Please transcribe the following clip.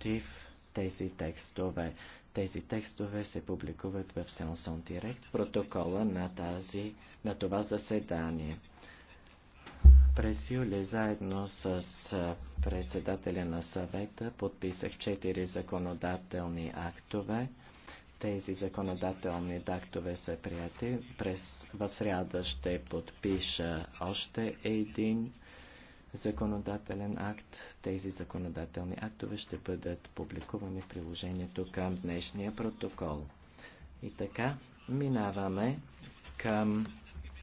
против тези текстове. Тези текстове се публикуват в Сенсон Директ в протокола на, тази, на това заседание. През юли заедно с председателя на съвета подписах четири законодателни актове. Тези законодателни актове са прияти. През, в сряда ще подпиша още един законодателен акт. Тези законодателни актове ще бъдат публикувани в приложението към днешния протокол. И така, минаваме към